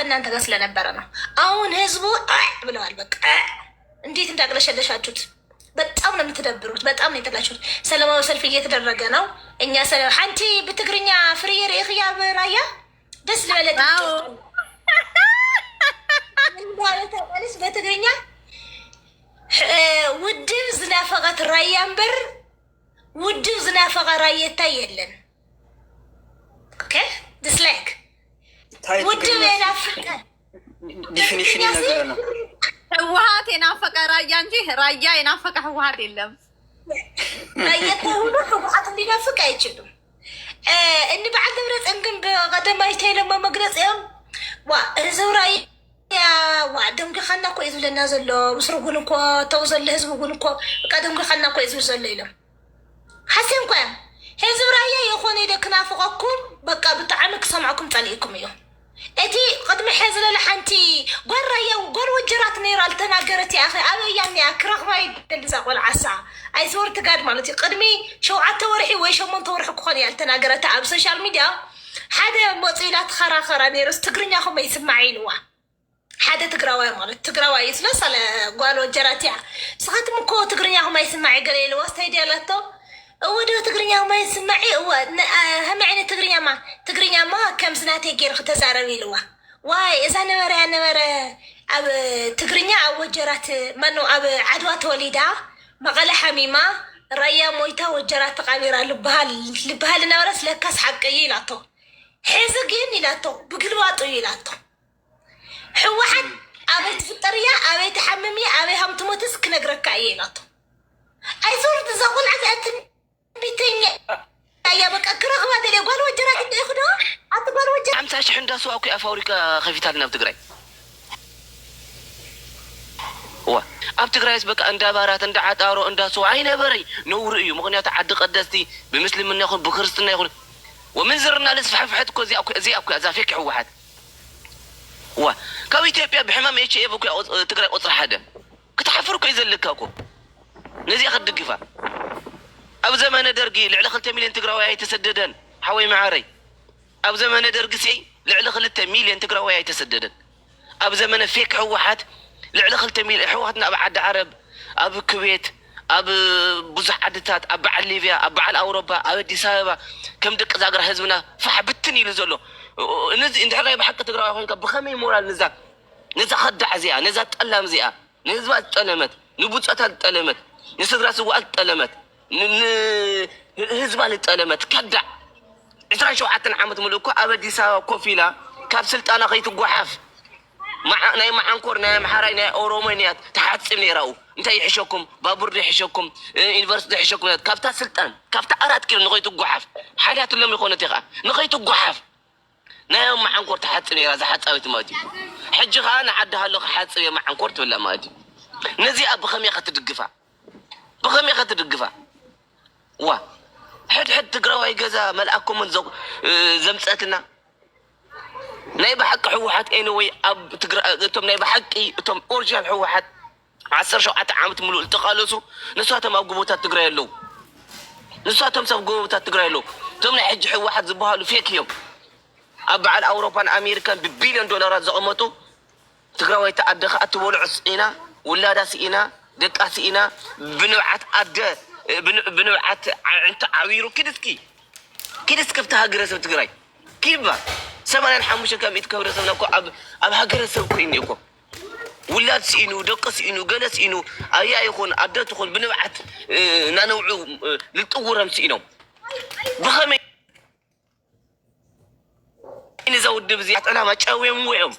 ከእናንተ ጋር ስለነበረ ነው። አሁን ህዝቡ ብለዋል። በቃ እንዴት እንዳቅለሸለሻችሁት በጣም ነው የምትደብሩት። በጣም ነው የጠላችሁት። ሰላማዊ ሰልፍ እየተደረገ ነው። እኛ ሓንቲ ብትግርኛ ፍርየ ርእክያ ብራያ ደስ ዝበለ በትግርኛ ውድብ ዝናፈቐት ራያ እምበር ውድብ ዝናፈቐ ራየታ የለን ዲስላይክ ዲፊኒሽን ነገር ህወሀት የናፈቀ ራያ እንጂ ራያ የናፈቀ ህወሀት የለም። የሁሉ ህወሀት ሊናፍቅ አይችልም። እኒ በዓል ደብረፅዮን ግን ብቀዳማይ ተይለሞ መግለፂ እዮም ዋ ህዝብ ራያ ዋ ደምጊኻና ኮ እዩ ዝብለና ዘሎ ምስሪ እውን እኮ ተው ዘሎ ህዝቢ እውን እኮ በቃ ደምጊኻና ኮ እዩ ዝብል ዘሎ ኢሎም ሓሲን ኮ ህዝብ ራያ የኮነ ኢደ ክናፍቀኩም በቃ ብጣዕሚ ክሰምዐኩም ፀኒእኩም እዮም እቲ ቅድሚ ሕዚ ለለ ሓንቲ ጓል ራያ ጓል ውጅራት ነይራ ዝተናገረት እያ ኣበያ እኒኣ ክረኽባ ይደልዛ ቆልዓሳ ኣይዝወር ትጋድ ማለት እዩ ቅድሚ ሸውዓተ ወርሒ ወይ ሸሞንተ ወርሒ ክኾን እያ ዝተናገረታ ኣብ ሶሻል ሚድያ ሓደ መፅኡ ኢላ ትኸራኸራ ነይሩ ትግርኛ ከመይ ይስማዕ ኢልዋ ሓደ ትግራዋይ ማለት ትግራዋይ እዩ ስለሳለ ጓል ወጀራት እያ ስኻትም እኮ ትግርኛ ከመይ ይስማዕ ገለ ኢልዋ ስተይድያ ለቶ ودو تقرينيا ما يسمعي هو آه، هم يعني تقرينيا ما تقرينيا ما كم سنة تيجير ختزارة ويلوا واي إذا نمرة نمرة أب تقرينيا وجرات منو أب عدوة وليدة مغلى حميمة ريا مويتا وجرات قابيرة لبهال لبهال نورس لكاس حق يلاتو حزقين يلاتو بقلواتو يلاتو حوحد أبي تفطرية أبي تحممية أبي هم تموتس كنقرك أي لاتو أي صورة تزول عزقتني بيتين يا بقى كره ما دلي قال وجرك انت يخدو اتقال وجرك عمتا شح عندا سوا اكو افوريكا خفيتا لنا بتقراي ዋ ኣብ ትግራይስ በቃ እንዳ ባራት እንዳ ዓጣሮ እንዳ ሰው ኣይነበረይ ነውሩ እዩ ምክንያቱ ዓዲ ቀደስቲ ብምስልምና ይኹን ብክርስትና ይኹን ወምንዝርና ልስፋሕፍሐት እኮ እዚኣ እኳ እዛ ፌክ ሕወሓት ዋ ካብ ኢትዮጵያ ብሕማም ኤች ኤፍ እኳ ትግራይ ቆፅሪ ሓደ ክትሓፍር እኮ እዩ ዘለካ እኮ ነዚኣ ክድግፋ أو زمان درقي لعل خلت مليون تقرأ وياي تسددن حوي معاري أو زمان درقسي لعل خلت مليون تقرأ وياي تسددن أو زمان فيك حوحات لعل خلت مليون حوحتنا بعد عرب أبو الكويت أبو بزح حدثات أب على ليبيا أب على أوروبا أب ديسابا كم دك زاقر هزمنا فحبتني لزولو نز انت حقا بحق تقرأ وياي بخمي مورا نزا نزا خدع زيا نزا تألم زيا نزا تألمت نبوت أتال تألمت نسدرس وقت تألمت ህዝባ ንጠለመት ከዳዕ ዕስራን ሸውዓተን ዓመት ሙሉእ እኮ ኣብ ኣዲስ ኣበባ ኮፍ ኢላ ካብ ስልጣና ከይትጓሓፍ ናይ መዓንኮር ናይ ኣምሓራይ ናይ ኦሮሞይ ንያት ተሓፅብ ነይራ ኡ እንታይ ይሕሸኩም ባቡር ይሕሸኩም ዩኒቨርሲቲ ይሕሸኩም ካብታ ስልጣን ካብታ ኣራት ኪሎ ንኸይትጓሓፍ ሓልያትሎም ይኮነት ከዓ ንኸይትጓሓፍ ናይ መዓንኮር ተሓፅብ ነይራ ዝሓፃዊት ማለት እዩ ሕጂ ከዓ ንዓዲ ሃሎ ክሓፅብ እየ መዓንኮር ትብላ ማለት እዩ ነዚኣ ብኸመይ ኸ ትድግፋ ብኸመይ ኸ ትድግፋ ዋ ሕድሕድ ትግራዋይ ገዛ መልኣኮምን ዘምፀትና ናይ ብሓቂ ሕወሓት ኤኒወይ ኣብ እቶም ናይ ብሓቂ እቶም ኦሪጂናል ሕወሓት ዓሰር ሸውዓተ ዓመት ሙሉእ ዝተቃለሱ ንሳቶም ኣብ ጎቦታት ትግራይ ኣለዉ ንሳቶም ሰብ ጎቦታት ትግራይ ኣለዉ እቶም ናይ ሕጂ ሕወሓት ዝበሃሉ ፌክ እዮም ኣብ በዓል ኣውሮፓን ኣሜሪካን ብቢልዮን ዶላራት ዘቐመጡ ትግራዋይ ተኣደ ከዓ ትበልዑ ስኢና ውላዳ ስኢና ደቃ ስኢና ብንብዓት ኣደ ብንብዓት ዕንተ ዓቢሩ ክድትኪ ክድስ ካብቲ ሃገረሰብ ትግራይ ኪባ ሰማንያን ሓሙሽተ ካብ ሚእቲ ከብረሰብና እኮ ኣብ ሃገረሰብ ኮ እዩ እኮ ውላድ ስኢኑ ደቀ ስኢኑ ገለ ስኢኑ ኣያ ይኹን ኣደ ትኹን ብንብዓት ናነውዑ ዝጥውረም ስኢኖም ብኸመይ ነዛ ውድብ እዚ ዕላማ ጨወዮም ወኦም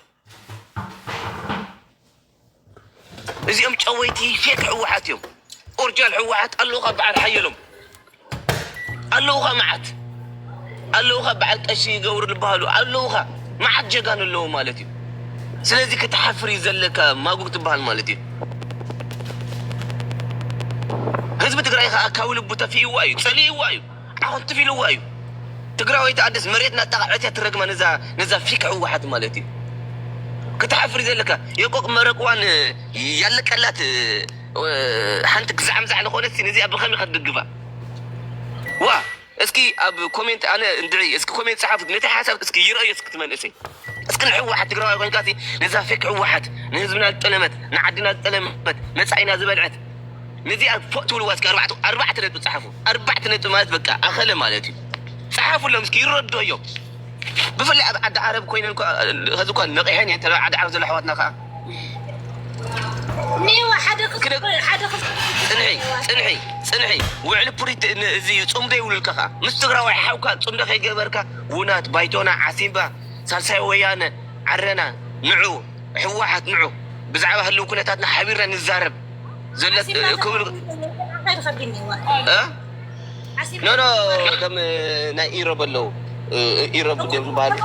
እዚኦም ጨወይቲ ፌክ ሕወሓት እዮም ورجال حوعت اللغة بعد حيلهم اللغة معت اللغة بعد أشي قور البالو اللغة ما عاد جقان اللغه مالتي سلازي كتحفري زلك ما قلت بهال مالتي ህዝቢ ትግራይ ከዓ ካብ ልቡ ተፊእዋ እዩ ፀሊእዋ እዩ ዓኹን ትፊልዋ እዩ ትግራወይቲ ኣደስ መሬትና ጠቃዕት نزا ትረግማ ነዛ ፊክ ሕወሓት ማለት እዩ زلك ዘለካ የቆቅ መረቅዋን ያለቀላት ሓንቲ ክሳዕ ምሳዕ ንኮነት ነዚኣ ብከመይ ከትድግፋ ዋ እስኪ ኣብ ኮሜንት ኣነ እንድዒ እስኪ ኮሜንት ሰሓፍ ነቲ ሓሳብ እስኪ ይርአዩ እስኪ ትመልእሰይ እስኪ ንሕወሓት ትግራዋይ ኮንካ ነዛ ፌክ ሕወሓት ንህዝብና ዝጠለመት ንዓድና ዝጠለመት መፃኢና ዝበልዐት ነዚኣ ፎቅ ትብልዋ እስኪ ኣርባዕተ ነጥቢ ፀሓፉ ኣርባዕተ ነጥቢ ማለት በቃ ኣኸለ ማለት እዩ ፀሓፉሎም እስኪ ይረዶ እዮም ብፍላይ ኣብ ዓዲ ዓረብ ኮይነን ከዚ እኳ ነቂሐን እየን ዓዲ ዓረብ ዘሎ ኣሕዋትና ከዓ ፅንሒ ፅንሒ ፅንሒ ውዕሊ ፕሪት እዚ ፆም ዘይብሉልካ ኸ ምስ ትግራዋይ ሓውካ ፆም ዶ ከይገበርካ ውናት ባይቶና ዓሲምባ ሳልሳይ ወያነ ዓረና ንዑ ሕወሓት ንዑ ብዛዕባ ህልው ኩነታትና ሓቢርና ንዛረብ ክብል ኖ ከም ናይ ኢሮብ ኣለው ኢሮብ ዝበሃል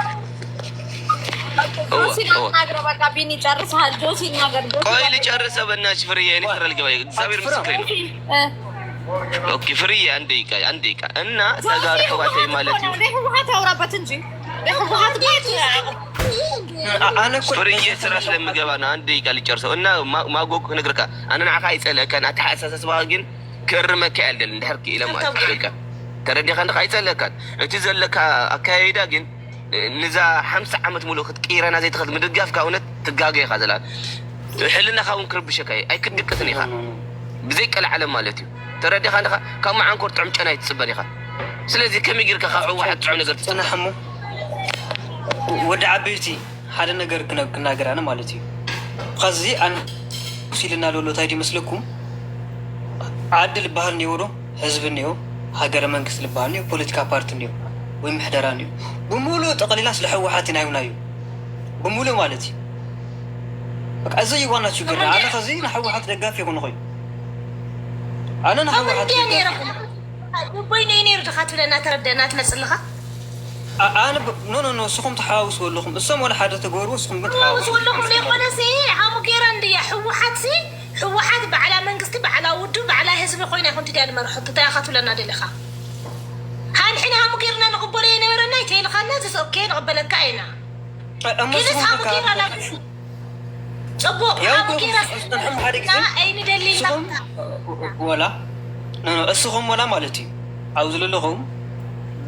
ቆይ ልጨርሰ፣ በእናትሽ ፍርዬ፣ እኔ ስራ ልገባ። እግዚአብሔር ምስክሬ ነው። ኦኬ ፍርዬ፣ አንድ ደቂቃ አንድ ደቂቃ እና ተጋር ህዋት ማለት ነው። ህዋት አውራበት እንጂ ፍርዬ፣ ስራ ስለምገባ ነው። አንድ ደቂቃ ልጨርሰው እና ማጎቅ ንግርካ አነንዓኻ ይፀለእከን ኣተሓሳስባ ግን ክእርመካ ያልደል እንድሕር ክኢለ ማለት ተረዲኻ ንካ ይፀለእካን እቲ ዘለካ ኣካያይዳ ግን ንዛ ሓምሳ ዓመት ሙሉእ ክትቀይረና ዘይትኽእል ምድጋፍካ እውነት ትጋገ ኢኻ ዘላ ሕልናኻ እውን ክርብሸካ እየ ኣይክድቅትን ኢኻ ብዘይቀልዓለም ማለት እዩ ተረዲኻ ንኻ ካብ መዓንኮር ጥዑም ጨና ይትፅበን ኢኻ ስለዚ ከመይ ጌርካ ካብ ዕዋሓት ጥዑም ነገር ትፅናሕሞ ወዲ ዓበይቲ ሓደ ነገር ክናገራነ ማለት እዩ ከዚ ኢልና ዘሎ እንታይ ድ ይመስለኩም ዓዲ ዝበሃል እኒሄው ዶ ህዝቢ እኒሄው ሃገረ መንግስቲ ዝበሃል እኒሄው ፖለቲካ ፓርቲ እኒሄው ወይ ምሕደራን እዩ ብሙሉእ ጠቕሊላ ስለ ሕወሓት ኢናዩና እዩ ብሙሉእ ማለት እዩ በቃ እዚ እዩ ዋና ችግር ኣነ ከዚ ንሕወሓት ደጋፊ ይኹን ኮይኑ ኣነ ንሕወሓት ቦይ ነይ ነይሩ ድኻ ትብለና ተረድአና ትመፅልኻ ኣነ ኖ ኖ ኖ ንስኹም ተሓዋውሱ ኣለኹም እሶም ወላ ሓደ ተገበሩ ንስኹም ግን ተሓዋውሱ ኣለኹም ዘይኮነሲ ሃሙ ገይራ እንድያ ሕወሓት ሕወሓት በዕላ መንግስቲ በዕላ ውድብ በዕላ ህዝቢ ኮይና ይኹን ትድያ ንመርሑ እንታይ ኢኻ ትብለና ደሊኻ الحين يعني هم كيرنا نقبلين ورنا تين خلنا زس أوكي نقبل كائنا كيرس هم كيرنا أنا أه، أبو هم كيرنا أين دليل أه، ولا نو أسهم ولا مالتي عاوز لهم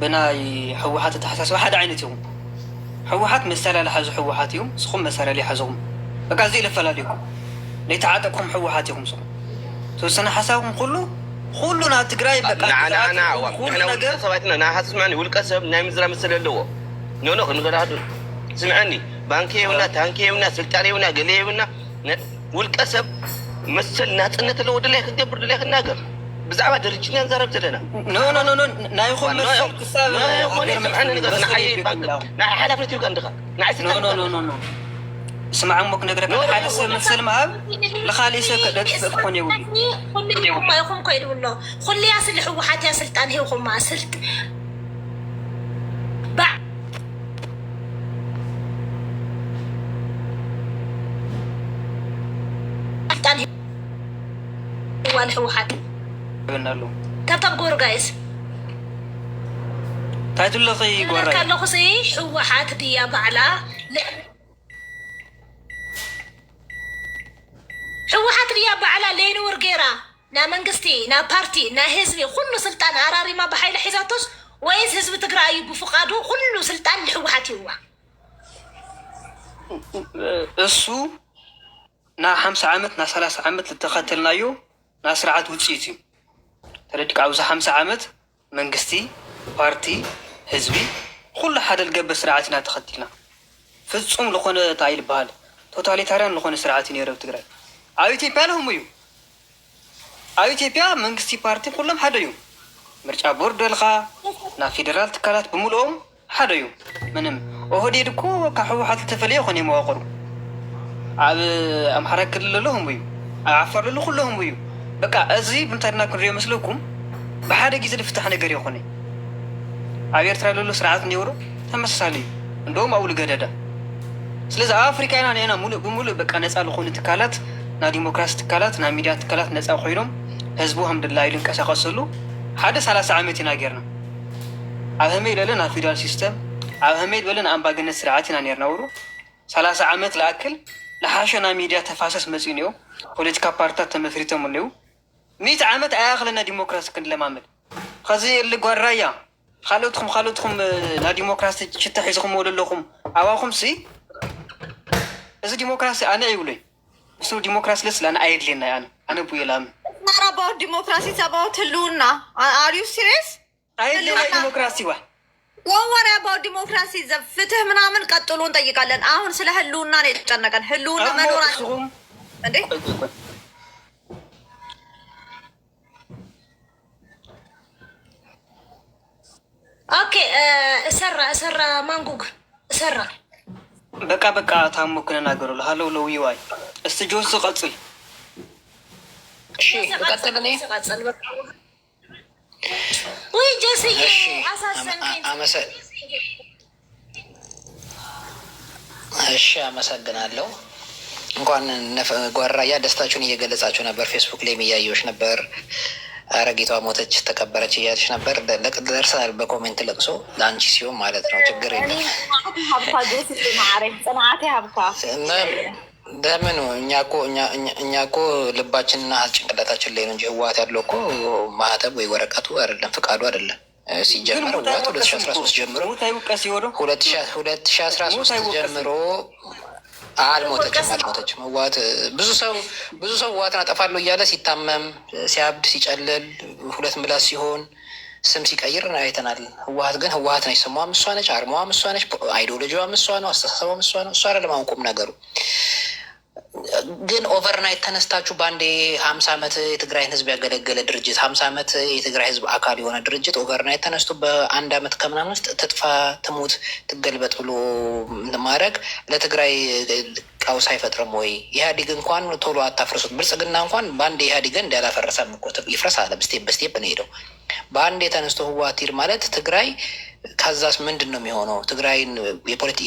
بناي حوحات تحساس واحد عينتهم حوحات مسألة لحزو حوحاتهم سخم مسألة لحزهم بقى زي لفلاليكم ليتعاتكم حوحاتهم سخم سوسنا حساهم كله ሁሉና ትግራይ በቃ ሰባት ኢና ናይ ውልቀ ሰብ ናይ ምዝራ መሰለ ኣለዎ ኖኖ ክንገዳዱ ስምዐኒ ባንኪ የብና ታንኪ የብና ስልጣን የብና ገሌ የብና ውልቀ ሰብ መሰል ናፅነት ኣለዎ ድላይ ክንገብር ድላይ ክናገር ብዛዕባ ድርጅትና ንዛረብ ዘለና ናይ ሓላፍነት ይብካ ንድኻ ናይ ስልጣን ስማ ዕሙክ ነግረካ ሓደ ሰብ ምትስል መሃብ ንካሊእ ሰብ ደጥፍእ ክኾን የብሉ ኩልኩም ኢኹም ኮ ይድብሎ ኩልያ ስሊ ሕወሓት እያ ስልጣን ሂብኹማ ስልጥ ሕወሓት ኣሎ ካብቶም ጎሩ ጋይስ ታይትለኺ ጎራ ኣለኹ ሕወሓት ድያ ባዕላ ወዲያ በዓላ ለይኑ ውርጌራ ና መንግስቲ ና ፓርቲ ና ህዝቢ ኩሉ ስልጣን ኣራሪማ ብሓይሊ ሒዛቶስ ወይስ ህዝቢ ትግራይ እዩ ብፍቃዱ ኩሉ ስልጣን ንሕወሓት ይዋ እሱ ናብ ሓምሳ ዓመት ናብ ሰላሳ ዓመት ዝተኸተልናዮ ናብ ስርዓት ውፅኢት እዩ ተደዲቃ ኣብዚ ሓምሳ ዓመት መንግስቲ ፓርቲ ህዝቢ ኩሉ ሓደ ዝገበ ስርዓት ኢና ተኸቲልና ፍፁም ዝኾነ እንታይ ይልበሃል ቶታሊታርያን ዝኾነ ስርዓት እዩ ነይረ ትግራይ ኣብ ኢትዮጵያ ለህሙ እዩ ኣብ ኢትዮጵያ መንግስቲ ፓርቲ ኩሎም ሓደ እዩ ምርጫ ቦርድ ልካ ናብ ፌደራል ትካላት ብምልኦም ሓደ እዩ ምንም ኦህዴድ እኮ ካብ ሕወሓት ዝተፈለየ ኮነ መዋቅሩ ኣብ ኣምሓራ ክልል ዘሎ እዩ ኣብ ዓፋር ዘሎ ኩሎ እዩ በቃ እዚ ብምንታድና ክንሪኦ መስለኩም ብሓደ ግዜ ዝፍታሕ ነገር ይኮነ ኣብ ኤርትራ ዘሎ ስርዓት ነብሮ ተመሳሳሊ እዩ እንደውም ኣብኡ ገደዳ ስለዚ ኣብ ኣፍሪካ ኢና ንና ሙሉእ ብሙሉእ በቃ ነፃ ዝኾኑ ትካላት ናይ ዲሞክራሲ ትካላት ናይ ሚድያ ትካላት ነፃ ኮይኖም ህዝቡ ከምድላ ኢሉ ንቀሳቀሰሉ ሓደ 30 ዓመት ኢና ጌርና ኣብ ህመይ ዝበለ ናብ ፊዳል ሲስተም ኣብ ህመይ ዝበለ ንኣምባገነት ስርዓት ኢና ነርና ውሩ 30 ዓመት ዝኣክል ንሓሸ ናይ ሚድያ ተፋሰስ መፅኡ እኒኦ ፖለቲካ ፓርታት ተመስሪቶም ኣለዉ ሚት ዓመት ኣያክለና ዲሞክራሲ ክንለማመድ ከዚ እሊ ጓራያ ካልኦትኩም ካልኦትኩም ናይ ዲሞክራሲ ሽታ ሒዝኩምዎ ዘለኹም ኣባኹም ሲ እዚ ዲሞክራሲ ኣነ ይብሉይ እሱ ዲሞክራሲ ለስላን አይድሌና ያን አነቡ የላም ናራባው ዲሞክራሲ ሰባው ትልውና አሪዩ ዩ ሲሪየስ አይድሌና ዲሞክራሲ ዋ ወወሪያ ባው ዲሞክራሲ ዘፍትህ ምናምን ቀጥሎ እንጠይቃለን። አሁን ስለ ህልውና ነው የተጨነቀን። ህልውና መኖር እንዴ ኦኬ እሰራ እሰራ ማንጉግ እሰራ በቃ በቃ ታሞ ክነናገሩ ለው ይዋይ እስቲ ጆስ ቀጽል እሺ አመሰግናለሁ። እንኳን ጓራያ ደስታችሁን እየገለጻችሁ ነበር። ፌስቡክ ላይ የሚያየዎች ነበር አረጌቷ ሞተች ተቀበረች እያለች ነበር። ደርሰናል በኮሜንት ለቅሶ ለአንቺ ሲሆን ማለት ነው። ችግር የለም ለምን እኛ እኮ እኛ እኮ ልባችንና ጭንቅላታችን ላይ ነው እንጂ ህወሓት ያለው እኮ ማህተብ ወይ ወረቀቱ አይደለም ፍቃዱ አይደለም። ሲጀመር ህወሓት ሁለት ሺ አስራ ሶስት ጀምሮ ሁለት ሺ አስራ ሶስት ጀምሮ አልሞተችም አልሞተችም። ህወሓት ብዙ ሰው ብዙ ሰው ህወሓትን አጠፋለሁ እያለ ሲታመም፣ ሲያብድ፣ ሲጨልል፣ ሁለት ምላስ ሲሆን ስም ሲቀይር አይተናል። ህወሓት ግን ህወሓት ነች። ስሟም እሷ ነች፣ አርማዋም እሷ ነች፣ አይዲዮሎጂዋም እሷ ነው፣ አስተሳሰቧም እሷ ነው። እሷ አይደለም አሁን ቁም ነገሩ ግን ኦቨርናይት ተነስታችሁ በአንድ ሀምሳ ዓመት የትግራይን ህዝብ ያገለገለ ድርጅት ሀምሳ ዓመት የትግራይ ህዝብ አካል የሆነ ድርጅት ኦቨርናይት ተነስቶ በአንድ ዓመት ከምናምን ውስጥ ትጥፋ፣ ትሙት፣ ትገልበጥ ብሎ ማድረግ ለትግራይ ቀውስ አይፈጥርም ወይ? ኢህአዲግ እንኳን ቶሎ አታፍርሱት። ብልጽግና እንኳን በአንድ ኢህአዲግን እንዳላፈረሰ ምቆት ይፍረስ አለ። ስቴፕ በስቴፕ ነው ሄደው በአንድ የተነስቶ ህወሓት ማለት ትግራይ ከዛስ ምንድን ነው የሚሆነው? ትግራይን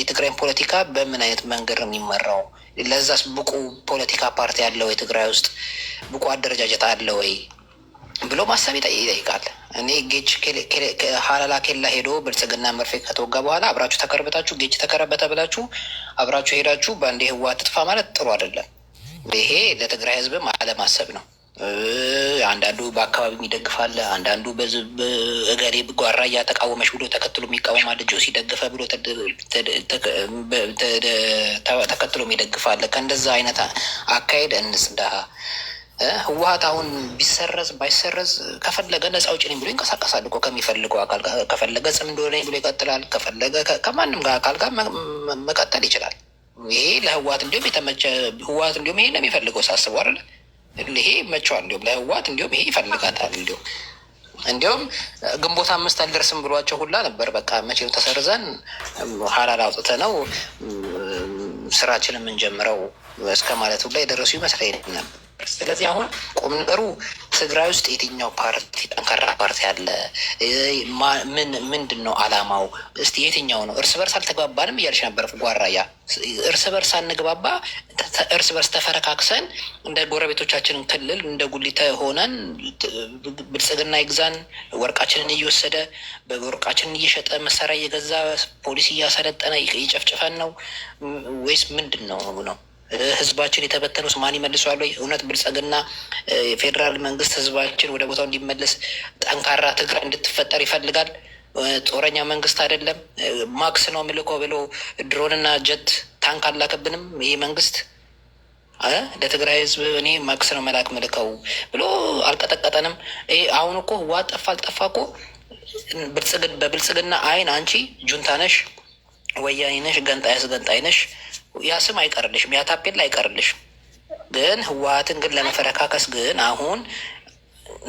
የትግራይን ፖለቲካ በምን አይነት መንገድ ነው የሚመራው? ለዛስ ብቁ ፖለቲካ ፓርቲ አለ ወይ? ትግራይ ውስጥ ብቁ አደረጃጀት አለ ወይ ብሎ ማሰብ ይጠይቃል። እኔ ጌች ሀላላ ኬላ ሄዶ ብልጽግና መርፌ ከተወጋ በኋላ አብራችሁ ተከርበታችሁ ጌች ተከረበተ ብላችሁ አብራችሁ ሄዳችሁ በአንድ ህዋ ትጥፋ ማለት ጥሩ አይደለም። ይሄ ለትግራይ ህዝብም አለማሰብ ነው። አንዳንዱ በአካባቢ የሚደግፋለ፣ አንዳንዱ እገሌ ጓራ እያተቃወመች ብሎ ተከትሎ የሚቃወማለ፣ ጆሲ ደግፈ ብሎ ተከትሎ የሚደግፋለ። ከእንደዛ አይነት አካሄድ እንጽዳ። ህወሀት አሁን ቢሰረዝ ባይሰረዝ ከፈለገ ነፃ አውጪ ነኝ ብሎ ይንቀሳቀሳል እኮ ከሚፈልገው አካል ጋር። ከፈለገ ጽም ነኝ ብሎ ይቀጥላል። ከፈለገ ከማንም ጋር አካል ጋር መቀጠል ይችላል። ይሄ ለህወሀት እንዲሁም የተመቸ ህወሀት እንዲሁም ይሄ ነው የሚፈልገው ሳስበው አይደለ ይሄ መቸዋል። እንዲሁም ለህዋት እንዲሁም ይሄ ይፈልጋታል። እንዲሁም እንዲሁም ግንቦት አምስት አልደርስም ብሏቸው ሁላ ነበር። በቃ መቼም ተሰርዘን ሀላል አውጥተ ነው ስራችን የምንጀምረው እስከ ማለት ሁላ የደረሱ ነበር። ስለዚህ አሁን ቁም ነገሩ ትግራይ ውስጥ የትኛው ፓርቲ ጠንካራ ፓርቲ አለ? ምን ምንድን ነው አላማው? እስቲ የትኛው ነው? እርስ በርስ አልተግባባንም እያልሽ ነበር ጓራያ። እርስ በርስ አንግባባ፣ እርስ በርስ ተፈረካክሰን እንደ ጎረቤቶቻችንን ክልል እንደ ጉሊተ ሆነን ብልጽግና ይግዛን ወርቃችንን እየወሰደ ወርቃችንን እየሸጠ መሳሪያ እየገዛ ፖሊስ እያሰለጠነ እየጨፍጨፈን ነው ወይስ ምንድን ነው ነው ህዝባችን የተበተኑስ ማን ይመልሰዋል? እውነት ብልጽግና ፌዴራል መንግስት ህዝባችን ወደ ቦታው እንዲመለስ ጠንካራ ትግራይ እንድትፈጠር ይፈልጋል። ጦረኛ መንግስት አይደለም፣ ማክስ ነው ምልኮ ብሎ ድሮንና ጀት ታንክ አላከብንም። ይህ መንግስት ለትግራይ ህዝብ እኔ ማክስ ነው መላክ ምልከው ብሎ አልቀጠቀጠንም። አሁን እኮ ህዋ ጠፋ አልጠፋ እኮ በብልጽግና አይን አንቺ ጁንታ ነሽ፣ ወያኔ ነሽ፣ ገንጣይ አስገንጣይ ነሽ ያ ስም አይቀርልሽም፣ ያ ታፔላ አይቀርልሽም። ግን ህወሀትን ግን ለመፈረካከስ ግን አሁን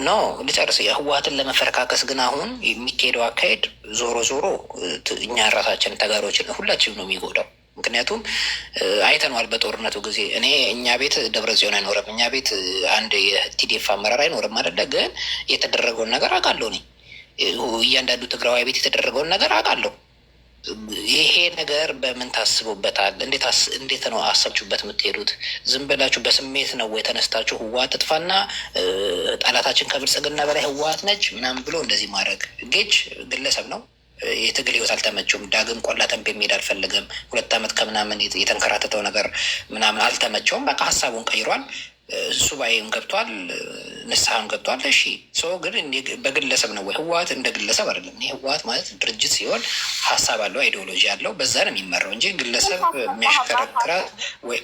ኖ ልጨርስ። ህወሀትን ለመፈረካከስ ግን አሁን የሚካሄደው አካሄድ ዞሮ ዞሮ እኛ ራሳችን ተጋሪዎችን ሁላችንም ነው የሚጎዳው። ምክንያቱም አይተነዋል። በጦርነቱ ጊዜ እኔ እኛ ቤት ደብረ ጽዮን አይኖርም፣ እኛ ቤት አንድ የቲዴፍ አመራር አይኖርም አይደለ? ግን የተደረገውን ነገር አውቃለሁ እኔ እያንዳንዱ ትግራዋይ ቤት የተደረገውን ነገር አውቃለሁ። ይሄ ነገር በምን ታስቡበታል? እንዴት ነው አሰብችሁበት የምትሄዱት? ዝም ብላችሁ በስሜት ነው የተነስታችሁ ህወሓት ትጥፋና ጠላታችን ከብልጽግና በላይ ህወሓት ነች ምናምን ብሎ እንደዚህ ማድረግ ጌጅ ግለሰብ ነው። የትግል ህይወት አልተመቸውም። ዳግም ቆላ ተንቤ የሚሄድ አልፈለገም። ሁለት ዓመት ከምናምን የተንከራተተው ነገር ምናምን አልተመቸውም። በቃ ሀሳቡን ቀይሯል። ሱባኤም ገብቷል፣ ንስሐም ገብቷል። እሺ ሰው ግን በግለሰብ ነው ወይ? እንደ ግለሰብ አይደለም። ህወሀት ማለት ድርጅት ሲሆን ሀሳብ አለው፣ አይዲዮሎጂ አለው፣ በዛ ነው የሚመራው እንጂ ግለሰብ የሚያሽከረክራት ወይ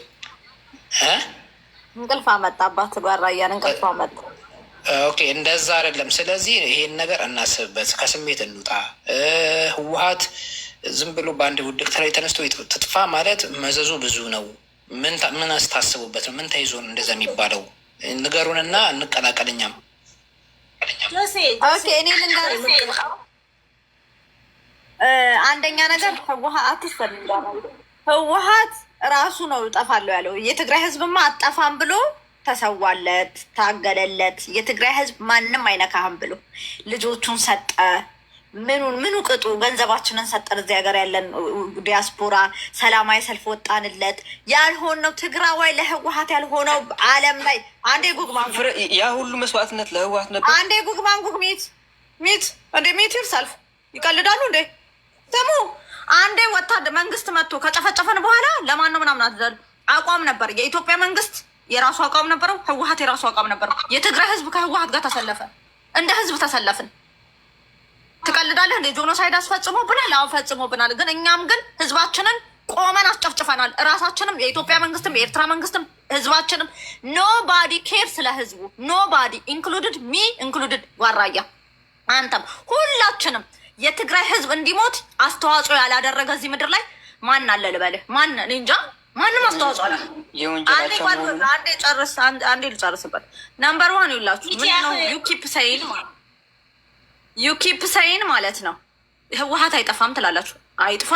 እንቅልፍ አመጣባት ጓራያን እንቅልፍ አመጣ። ኦኬ እንደዛ አይደለም። ስለዚህ ይሄን ነገር እናስብበት፣ ከስሜት እንውጣ። ህወሀት ዝም ብሎ በአንድ ውድቅት ላይ ተነስቶ ትጥፋ ማለት መዘዙ ብዙ ነው። ምን አስታስቡበት ነው? ምን ተይዞ ነው እንደዛ የሚባለው? ንገሩንና እንቀላቀል። አንደኛ ነገር ህወሀት ህወሀት ራሱ ነው እጠፋለሁ ያለው። የትግራይ ህዝብማ አጠፋም ብሎ ተሰዋለት፣ ታገለለት። የትግራይ ህዝብ ማንም አይነካህም ብሎ ልጆቹን ሰጠ። ምኑን ምኑ ቅጡ ገንዘባችንን ሰጠን። እዚህ ሀገር ያለን ዲያስፖራ ሰላማዊ ሰልፍ ወጣንለት። ያልሆን ነው ትግራዋይ ለህወሀት ያልሆነው አለም ላይ አንዴ ጉግማን ያ ሁሉ መስዋዕትነት ለህወሀት ነበር። አንዴ ጉግማን ጉግ ሚት ሚት እንዴ ሚት ሰልፍ ይቀልዳሉ እንዴ ስሙ። አንዴ ወታደ መንግስት መጥቶ ከጨፈጨፈን በኋላ ለማን ነው ምናምን አትዛሉ። አቋም ነበር የኢትዮጵያ መንግስት የራሱ አቋም ነበረው። ህወሀት የራሱ አቋም ነበረው። የትግራይ ህዝብ ከህወሀት ጋር ተሰለፈ። እንደ ህዝብ ተሰለፍን። ትቀልዳለህ እንደ ጆኖሳይድ አስፈጽሞብናል። አሁን ፈጽሞብናል። ግን እኛም ግን ህዝባችንን ቆመን አስጨፍጭፈናል። እራሳችንም የኢትዮጵያ መንግስትም የኤርትራ መንግስትም ህዝባችንም ኖባዲ ኬር ስለ ህዝቡ ኖባዲ ኢንክሉድድ ሚ ኢንክሉድድ ዋራያ አንተም ሁላችንም የትግራይ ህዝብ እንዲሞት አስተዋጽኦ ያላደረገ እዚህ ምድር ላይ ማን አለ ልበልህ? ማን እንጃ ማንም አስተዋጽኦ አለ። አንዴ ጨርስ፣ አንዴ ልጨርስበት። ነምበር ዋን ይላችሁ ምንድነው? ዩኪፕ ዩ ኪፕ ሰይል ዩኪፕ ሰይን ማለት ነው። ህወሀት አይጠፋም ትላላችሁ። አይጥፋ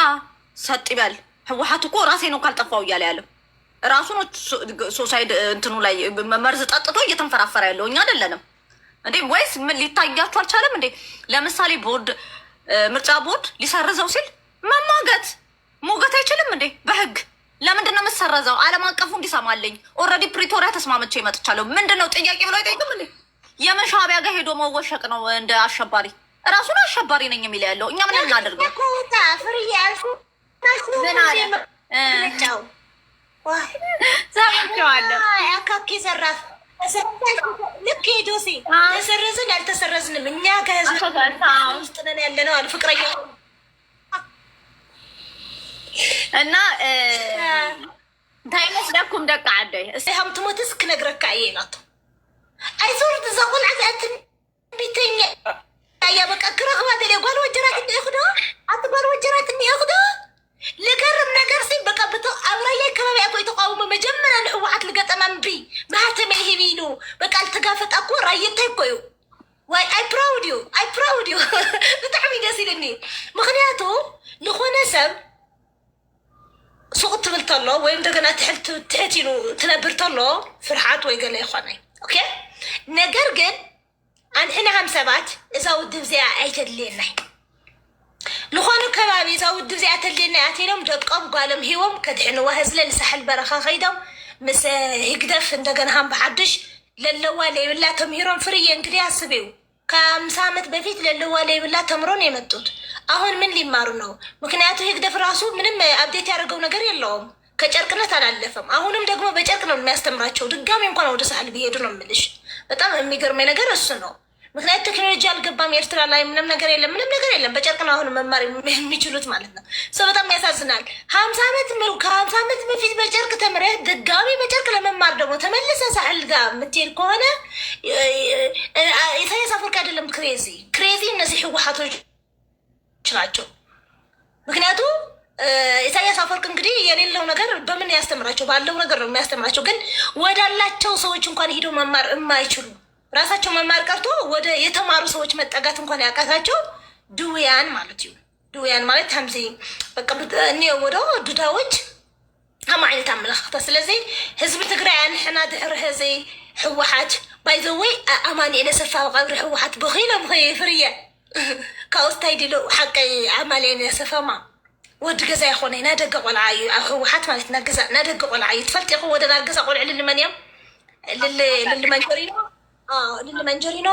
ሰጥ ይበል። ህወሀት እኮ ራሴ ነው ካልጠፋው እያለ ያለው ራሱ ነው። ሶሳይድ እንትኑ ላይ መርዝ ጠጥቶ እየተንፈራፈረ ያለው እኛ አይደለንም እንዴ? ወይስ ምን ሊታያችሁ አልቻለም እንዴ? ለምሳሌ ቦርድ ምርጫ ቦርድ ሊሰርዘው ሲል መሟገት ሞገት አይችልም እንዴ? በህግ ለምንድን ነው አለም አቀፉ እንዲሰማልኝ ኦልሬዲ ፕሪቶሪያ ተስማምቼ ይመጥቻለሁ። ምንድን ነው ጥያቄ ብሎ አይጠይቅም እንዴ? የመሻቢያ ጋር ሄዶ መወሸቅ ነው እንደ አሸባሪ እራሱን አሸባሪ ነኝ የሚል ያለው እኛ ምን እናደርገው? ልክ ተሰረዝን አልተሰረዝንም እኛ ከህዝብ ውስጥ ነን ያለ ነው አሉ ፍቅረኛ እና ታይመስለኩም ደቃ አደይ ሀምትሞትስ ክነግረካ እየ አይዞር ትዛቁን ዓዛት ቢተኛ ያ በቃ ክረኽባ ደለ ጓል ወጀራት እኒአኽዶ ኣቲ ጓል ወጀራት እኒአኽዶ ልገርም ነገር ሲ በቃ ብቶ ኣብ ራያ ከባቢ ኣኮይ ተቃውሞ መጀመርያ ንዕዋዓት ልገጠማ ምቢ ማሃተመ ይሂብ ኢሉ በቃ ልተጋፈጣ እኮ ራየ እንታይ ኮዩ ዋይ ኣይ ፕራውድ እዩ ኣይ ፕራውድ እዩ ብጣዕሚ ደስ ኢልኒ ምክንያቱ ንኾነ ሰብ ሱቅ ትብል ተሎ ወይ እንደገና ትሕል ትሕት ኢሉ ትነብር ተሎ ፍርሓት ወይ ገለ ይኮነ ኦኬ ነገር ግን አንሕና ከም ሰባት እዛ ውድብ እዚኣ ኣይተድልየናይ ንኾኑ ከባቢ እዛ ውድብ እዚኣ ተድልየና ኣትሎም ደቀም ጓሎም ሂቦም ከድሕንዋ ህዝለ ንሳሕል በረኻ ከይዶም ምስ ህግደፍ እንደገና ሃም ብሓድሽ ለለዋ ለይብላ ተምሂሮም ፍርየ እንግዲህ አስብ እዩ ከአምሳ ዓመት በፊት ለለዋ ለይብላ ተምሮን የመጡት አሁን ምን ሊማሩ ነው? ምክንያቱ ህግደፍ ራሱ ምንም አብዴት ያደርገው ነገር የለውም። ከጨርቅነት አላለፈም። አሁንም ደግሞ በጨርቅ ነው የሚያስተምራቸው። ድጋሚ እንኳን ወደ ሳህል ቢሄዱ ነው ምልሽ በጣም የሚገርመኝ ነገር እሱ ነው። ምክንያት ቴክኖሎጂ አልገባም፣ ኤርትራ ላይ ምንም ነገር የለም፣ ምንም ነገር የለም። በጨርቅ ነው አሁን መማር የሚችሉት ማለት ነው። ሰው በጣም ያሳዝናል። ሀምሳ ዓመት ከሀምሳ ዓመት በፊት በጨርቅ ተምረህ ድጋሚ በጨርቅ ለመማር ደግሞ ተመልሰ ሳህል የምትሄድ ከሆነ ኢሳያስ አፈወርቂ አይደለም ክሬዚ ክሬዚ እነዚህ ህወሓቶች ናቸው ምክንያቱም ኢሳያስ አፈወርቅ እንግዲህ የሌለው ነገር በምን ያስተምራቸው? ባለው ነገር ነው የሚያስተምራቸው። ግን ወዳላቸው ሰዎች እንኳን ሄደው መማር የማይችሉ ራሳቸው መማር ቀርቶ ወደ የተማሩ ሰዎች መጠጋት እንኳን ያቃታቸው ድውያን ማለት እዩ። ድውያን ማለት ከምዚ በቃ እኔ ወደ ዱዳዎች ከም ዓይነት ኣመላኽታ ስለዚ ህዝቢ ትግራይ ኣንሕና ድሕሪ ህዚ ሕወሓት ባይዘወይ ኣማኒኤለ ነሰፋ ቀብሪ ሕወሓት ብኺሎም ከይፍርየ ካብኡ ስታይ ድሎ ሓቂ ኣማኒኤለ ነሰፋማ ወዲ ገዛ ይኮነ ናይ ደገ ቆልዓ እዩ ኣብ ህወሓት ማለት ና ገዛ ናይ ደገ ቆልዓ እዩ ትፈልጥ ይኹ ወደ ናይ ገዛ ቆልዑ ልልመን እዮም ልልመንጀሪኖ ልልመንጀሪኖ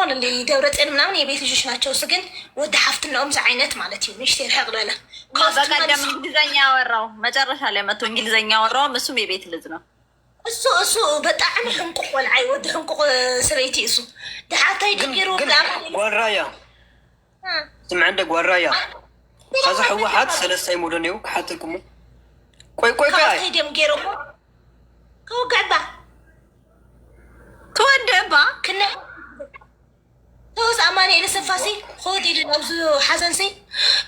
ደብረፅን ምናምን የቤት ልጆች ናቸው። እሱ ግን ወዲ ሓፍትናኦም ዛ ዓይነት ማለት እዩ ንሽተ ርሕቅ ዝበለ በቀደም እንግሊዝኛ ወራው መጨረሻ ላይ መቶ እንግሊዝኛ ወራው እሱም የቤት ልጅ ነው። እሱ እሱ በጣዕሚ ሕንቁ ቆልዓ ወዲ ሕንቁ ሰበይቲ እሱ ድሓታይ ድሚሩ ጓራያ ስምዐንደ ጓራያ ከዛ ሕወሓት ሰለስተ እዩ ሙሉን እዩ ክሓትልኩሞ ቆይ ቆይ ከይደም ገይሮሞ ክውግዕባ ክወድዕባ ክነ ተወስ ኣማኒ ኢለ ሰፋሲ ክወድ ኢለ ናብዚ ሓሰንሲ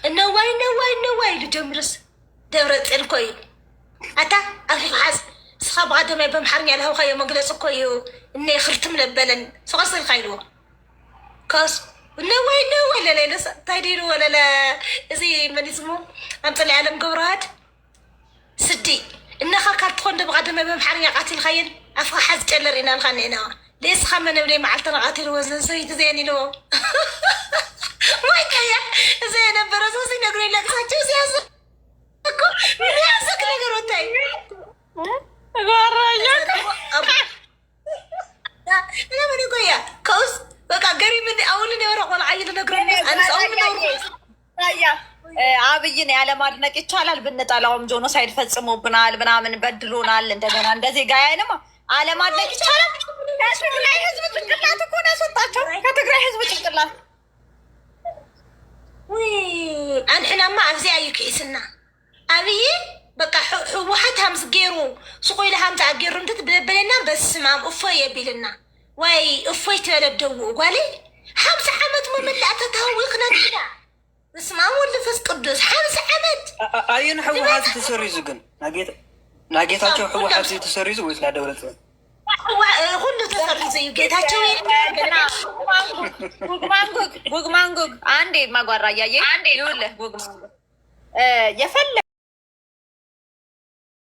እነዋይ ነዋይ ነዋይ ኢሉ ጀምርስ ደብረ ፅልኮ እዩ ኣታ ኣፊፍሓዝ ስኻ ብቀደማይ በምሓርኛ ልሃብካዮ መግለፂ እኮ እዩ እነ ክርትም ነበለን ስቐስልካ ኢልዎ ካስ እነዋይ ولا لا سطايدين ولا لا زي من اسمه أنفل علم قبرات سدي إنها كارتخون دبغا دم بمحرية قاتل خين أفا حز جلر إنا نغنينا ليس خمنا بلي معلتنا قاتل وزن سويت زيني لو ማይ ታያ እዛ የነበረ ሰው ሲነግሩ ይለቅሳቸው ሲያዝር እኮ የሚያዝቅ ነገር ወታይ ጓራኛ ምናምን ቆያ ከውስጥ በቃ ገሪብ አሁን የወረ ቆል አይ አብይን ያለማድነቅ ይቻላል። ብንጠላውም ጆኖሳይድ ፈጽሞብናል፣ ምናምን በድሎናል። እንደገና እንደዚህ ጋያንም አለማድነቅ ይቻላል። ከትግራይ ህዝብ ጭንቅላት እኮ ነው ያስወጣቸው። ከትግራይ ህዝብ ጭንቅላት አንሕናማ ኣብዚ እዩ ክእስና ኣብይ በቃ ህወሓት ሃምስ ገይሩ ስቆኢሉ ሃምታ ገይሩ እንትት ብለበለና በስማም እፎ የቢልና ወይ እፎይ ትበለብ ደውኡ ጓሌ ሓምሳ ዓመት መመላእተ ተሃዊኽና ኢና በስመ አብ ቅዱስ ሓምሳ ዓመት ኣየን ሕወሓት ተሰሪዙ ግን ናይ ጌታቸው ሕወሓት ተሰሪዙ ወይስ ናይ ደብረፅ ሁሉ ተሰሪዙ እዩ ጌታቸው ጉግማንጉግ ጉግማንጉግ አንዴ ማጓራ እያየ ይውለ ጉግማንጉግ የፈለ